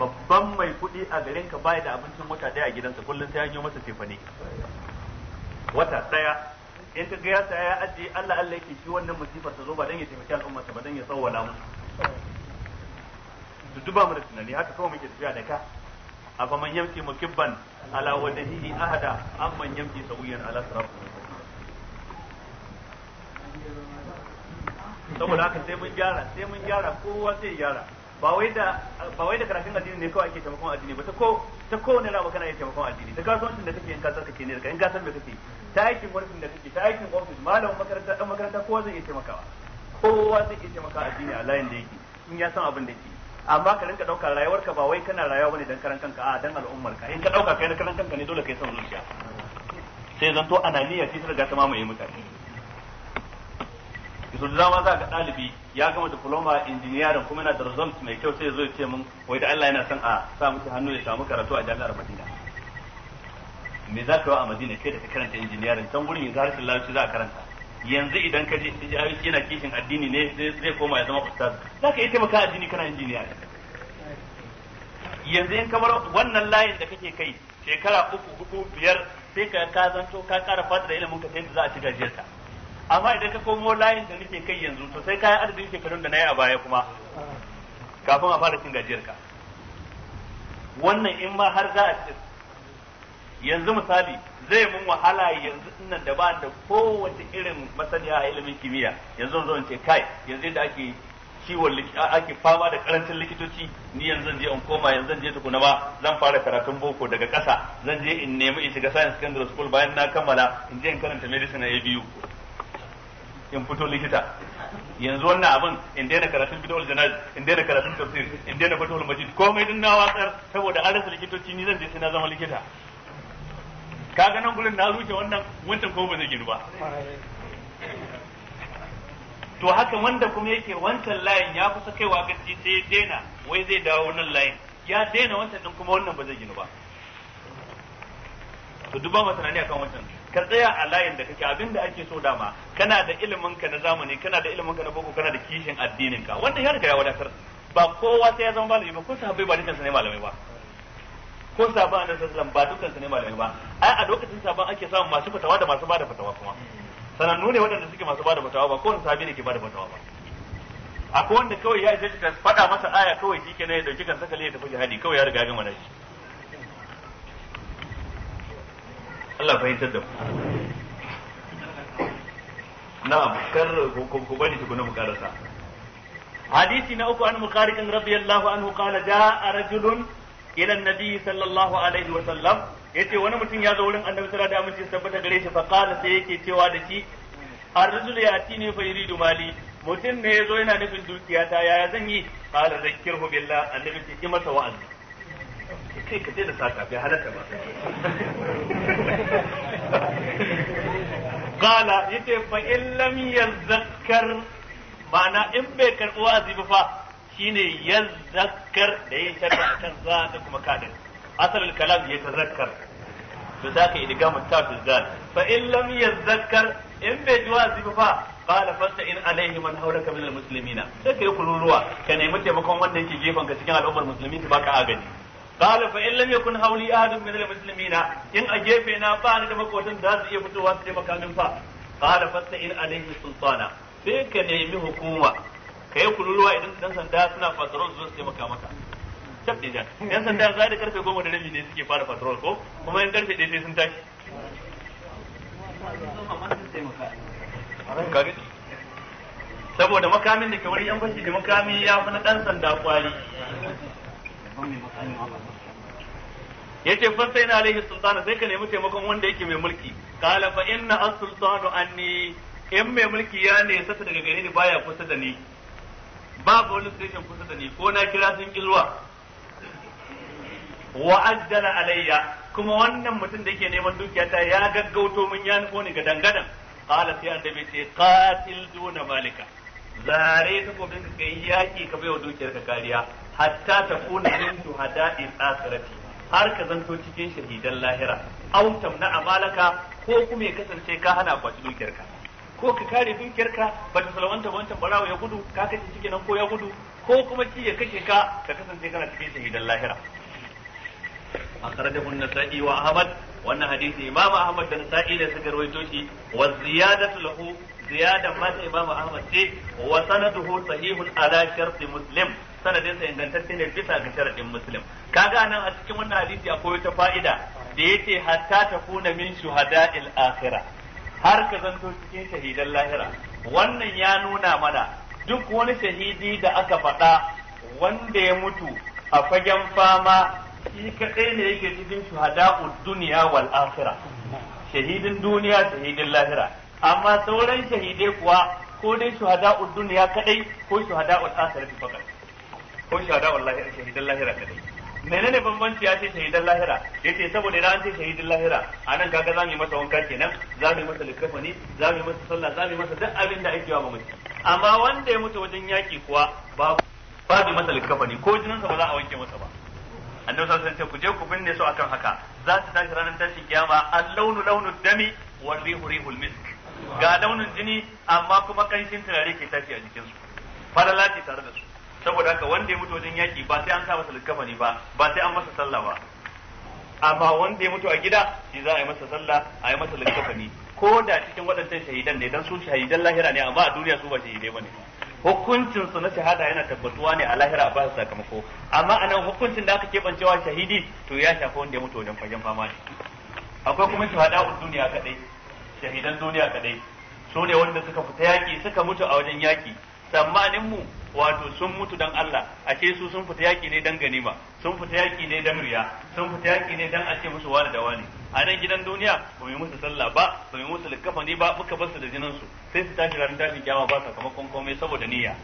babban mai kuɗi a garin ka bai da abincin wata ɗaya a gidansa kullum sai an yi masa tefane wata ɗaya in ka ga ya saya ya ajiye Allah Allah yake shi wannan musibar ta zo ba dan ya taimaki al'umma ba dan ya sawwala mu duk ba mu da tunani haka kawai muke tafiya da ka afa man yamki mukibban ala wajhihi ahada am man yamki sawiyan ala sirati saboda haka sai mun gyara sai mun gyara kowa sai gyara ba wai da karatun addini ne kawai ake taimakon addini ba ta ko kowane rama kana iya taimakon addini ta kasuwancin da kake in ka kake ne in ka san me kake ta aikin gwamnatin da kake ta aikin ofis malamin makaranta dan makaranta kowa zai iya taimakawa kowa zai iya taimaka addini a layin da yake in ya san abin da yake amma ka rinka dauka ka ba wai kana rayuwa bane dan karan kanka a dan al'ummar ka in ka dauka kai na karan kanka ne dole kai san zuciya sai zanto ananiya ce ta riga ta mamaye mutane yanzu da dama za ka ɗalibi ya gama diploma injiniyarin kuma yana da result mai kyau sai ya zo ya ce mun wai da Allah yana son a sa miki hannu ya samu karatu a jami'ar Madina me za ka yi a Madina kai da ka karanta injiniyarin can gurin yanzu harshen larabci za a karanta yanzu idan ka je yana kishin addini ne zai koma ya zama ustaz za ka yi taimaka addini kana injiniya yanzu in kamar wannan layin da kake kai shekara uku hudu biyar sai ka ka zanto ka kara fadar da ilimin ka sai za a ci gajiyarsa amma idan ka komo layin da nake kai yanzu to sai kayan adadin shekarun da na yi a baya kuma kafin a fara cin gajiyar ka wannan in ma har za a ci yanzu misali zai mun wahala yanzu nan da ba da kowace irin masaniya a ilimin kimiyya yanzu zo in ce kai yanzu da ake ciwon ake fama da karancin likitoci ni yanzu je in koma yanzu je tukuna ba zan fara karatun boko daga ƙasa zan je in nemi in shiga science secondary school bayan na kammala in je in karanta medicine a biyu in fito likita yanzu wannan abin in daina karatun bidawul janaz in daina karatun tafsir in daina fatul majid komai din na watsar saboda an rasa likitoci ni zan je sai na zama likita kaga nan gurin na ruke wannan wancan ko ba zai ginu ba to haka wanda kuma yake wancan layin ya kusa kaiwa gaci sai ya daina wai zai dawo nan layin ya daina wancan din kuma wannan ba zai ginu ba to duba masana ne akan wancan ka tsaya a layin da kake abin da ake so dama kana da ilimin ka na zamani kana da ilimin ka na boko kana da kishin addinin ka wanda ya riga ya wadatar ba kowa sai ya zama malami ba ko sahabbai ba dukansu ne malamai ba ko sabon annabi sallallahu ba dukkan su ne malamai ba ai a lokacin sabon ake samun masu fatawa da masu bada fatawa kuma sanannu ne waɗanda suke masu bada fatawa ba wani sahabi ne ke bada fatawa ba akwai wanda kawai ya isa ka faɗa masa aya kawai shi kenan ya dauki kan sakali ya tafi jihadi kawai ya riga ya gama shi Allah fahimtar da mu na'am kar ku bari tukuna mu karasa hadisi na uku an muqariq radiyallahu anhu ja a rajulun ila an-nabi sallallahu alaihi wa sallam ya ce wani mutum ya zo wurin annabi sallallahu da wasallam tabbata gare shi fa qala sai yake cewa da shi ar-rajul yatini fa yuridu mali mutum ne ya zo yana nufin dukiya ta yaya zan yi qala zakirhu billah annabi ce ki masa wa'azi kai ka je da saka bai halatta ba qala yace fa in lam yazakkar ma'ana in bai karbi wa'azi ba fa shine yazakkar da yin a akan za da kuma kadin asalul kalam ya tazakkar to zaka idiga mutafi zan fa in lam yazakkar in bai ji wa'azi ba fa qala fasta in alaihi man hauraka min almuslimina sai kai kururuwa ka nemi taimakon wanda yake gefen ka cikin al'ummar musulmi ka agani agaji qala fa in hauli, yakun hawli ahadun musulmi na, in a gefe na ba ni da makotan da su iya fitowa su taimaka min fa in fasta'in alaihi sultana sai ka nemi hukuma ka yi kururuwa idan dan sanda suna patrol zuwa su taimaka maka tab da yan sanda za da karfe goma da rabi ne suke fara patrol ko kuma yan karfe 1 sun tashi saboda makamin da ke wani yan fashi da makami ya fi na dan sanda kwari yace na alaihi sultana sai ka nemi taimakon wanda yake mai mulki kala fa inna as-sultanu anni in mai mulki ya ne sata daga gare ni baya kusa da ni babu wani station kusa da ni ko na kira sun kilwa wa ajjala alayya kuma wannan mutum da yake neman dukiya ta ya gaggauto mun ya nufo ni ga dangadan kala sai annabi ce qatil duna malika zare ta ko ka kai yaki ka baiwa dukiyar ka kariya hatta ta kuna min shuhada akhirati har ka zanto cikin shahidan lahira aw tamna amalaka ko kuma ya kasance ka hana kwaci dukiyarka ko ka kare dukiyarka ba ta salwanta wancan barawa ya gudu ka kace ciki nan ko ya gudu ko kuma ci ya kashe ka ka kasance kana cikin shahidan lahira akhrajahu an-nasa'i wa ahmad wannan hadisi imam ahmad da nasa'i ne suka rawaito shi wa ziyadatu lahu ziyadan ma ta imamu ahmad ce wa sanaduhu sahihun ala sharti muslim sanadin sa ingantacce ne bisa ga sharadin muslim kaga nan a cikin wannan hadisi akwai wata fa'ida da yace hatta kuna min shuhada'il akhirah har ka zanto cikin shahidan lahira wannan ya nuna mana duk wani shahidi da aka faɗa wanda ya mutu a fagen fama shi kaɗai ne yake cikin shuhada'ud duniya wal akhirah shahidin duniya shahidin lahira amma sauran shahidai kuwa ko dai ud dunya kadai ko shuhada'ul akhirati fakat ko shahada lahira shahidan lahira kadai menene bambanci ya ce shahidan lahira yace saboda idan an ce shahidan lahira anan kaga zamu yi masa wanka kenan zamu yi masa likafani zamu yi masa sallah zamu yi masa duk abin da ake yawa mamaci amma wanda ya mutu wajen yaki kuwa babu babu masa likafani ko sa ba za a wanke masa ba annabi sallallahu alaihi wasallam ku je ku binne su akan haka za su tashi ranar tashin kiyama al-launu launu dami wa rihu rihul misk ga launin jini amma kuma kanshin turare ke tafi a jikinsu fara ce tare da su saboda haka wanda ya mutu wajen yaki ba sai an sa masa likafani ba ba sai an masa sallah ba amma wanda ya mutu a gida shi za a yi masa sallah a yi masa likafani ko da cikin waɗancan shahidan ne dan su shahidan lahira ne amma a duniya su ba shahidai bane hukuncin su na shahada yana tabbatuwa ne a lahira a ba sakamako amma anan hukuncin da aka keɓancewa shahidi to ya shafi wanda ya mutu wajen fagen fama ne akwai kuma shahada a duniya kaɗai. shahidan duniya kadai su ne wanda suka fita yaki suka mutu a wajen yaki tsammanin mu wato sun mutu dan Allah ake su sun fita yaki ne dan ganima sun fita yaki ne dan riya sun fita yaki ne dan a ce musu wani da wani a nan gidan duniya ba mu musu sallah ba ba mu musu likafani ba muka bar su da jinin su sai su tashi ran tashin kiyama ba sakamakon komai saboda niyya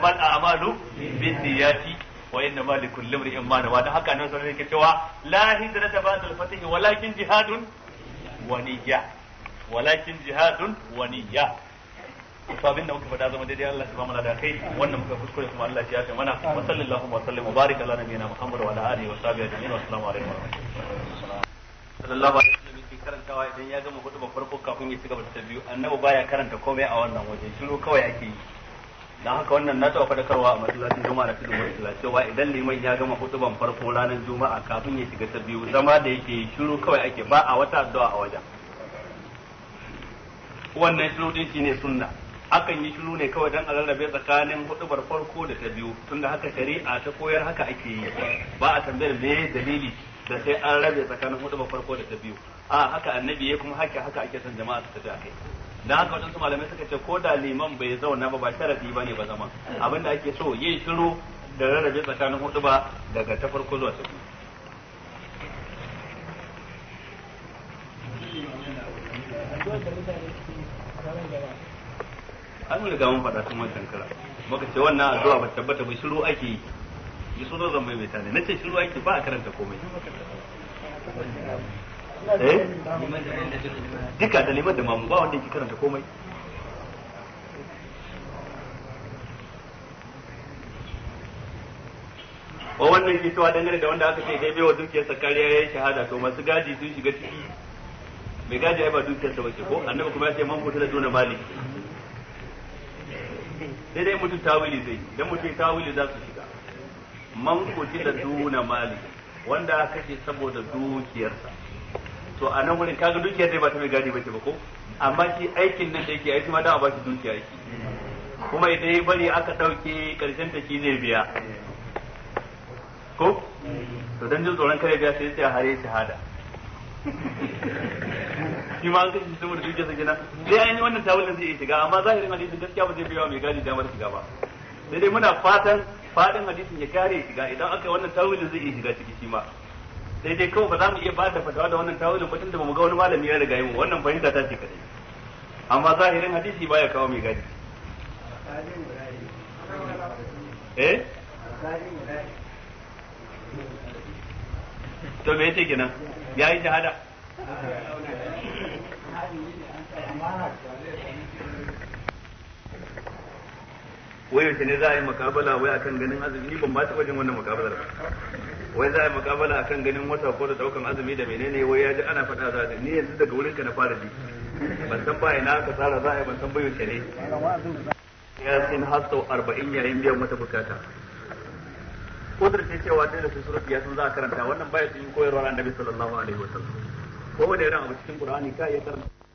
bal a'malu binniyati wa inna ma li kulli imrin ma nawa dan haka nan sai ke cewa la hijrata ba'da al-fath walakin jihadun wa niyya walakin jihadun waniyya to abin da muka fada zama daidai Allah subhanahu wa ta'ala kai wannan muka kuskure kuma Allah ya yafe mana wa sallallahu wa sallam wa barik ala nabiyina Muhammad wa ala alihi wa sahbihi ajma'in wa assalamu alaikum wa rahmatullahi sallallahu alaihi wasallam yake karantawa idan ya gama hudu farko kafin ya ci gaba da biyu annabi baya karanta komai a wannan waje shiru kawai ake yi dan haka wannan na taɓa faɗakarwa a masallacin juma'a da tudun wani cewa idan liman ya gama hutuban farko ranar juma'a kafin ya shiga ta biyu zama da yake shiru kawai ake ba a wata addu'a a wajen wannan shiru din shine sunna akan yi shiru ne kawai dan a rarrabe tsakanin hudubar farko da ta biyu tunda haka shari'a ta koyar haka ake yi ba a tambayar me dalili da sai an rabe tsakanin hudubar farko da ta biyu a haka annabi ya kuma haka haka ake son jama'a su tafi akai da haka su malamai suka ce ko da liman bai zauna ba ba sharadi bane ba zama abinda ake so yin shiru da rarrabe tsakanin huduba daga ta farko zuwa ta biyu Thank you. an riga mun faɗa tun wancan kara muka ce wannan addu'a ba tabbata ba shiru ake yi Ni sun zan mai mai tane nace shiru ake ba a karanta komai eh dika da liman da mamu ba wanda yake karanta komai wa wannan shi cewa dangane da wanda aka ce dai baiwa dukiyarsa kariya ya yi shahada to masu gadi sun shiga ciki mai gaji ai ba dukiyarsa ba ce ko annabi kuma ya ce man fita da duna mali sai dai mutum tawili zai idan mutum tawili za su shiga man da duna mali wanda aka ce saboda dukiyarsa to a nan wurin kaga dukiyar dai ba ta mai gadi bace ba ko amma shi aikin nan da yake aiki ma da a bashi dukiya yake kuma idan ya bari aka dauke karshen ta shi zai biya ko to dan jin tsoron kare biya sai sai hare shahada shi ma kashi saboda duk yasa kenan sai ainihin wannan tawulin zai iya shiga amma zahirin hadisin gaskiya ba zai biya mai gadi damar shiga ba sai dai muna fatan fadin hadisin ya kare shiga idan aka wannan tawulin zai iya shiga ciki shi ma sai dai kawai ba za mu iya ba da fatawa da wannan tawulin mutum da mu ga wani malami ya riga mu wannan fahimta ta ce kadai amma zahirin hadisi baya kawo mai gadi eh to me yake kenan yayi shahada wai yaushe ne za a yi makabala wai akan ganin azumi ban ba ta wajen wannan makabalar wai za a yi makabala akan ganin wata ko da daukan azumi da menene wai ya ji ana faɗa za a ni yanzu daga wurin ka na fara ji ban san ba ina ka tsara za a yi ban san ba yaushe ne ya sin har sau arba'in yayin biyan wata bukata ce cewa dole su surat ya sun za a karanta wannan baya sun yi koyarwar annabi sallallahu alaihi wasallam kowane ran abu cikin qur'ani ka iya karanta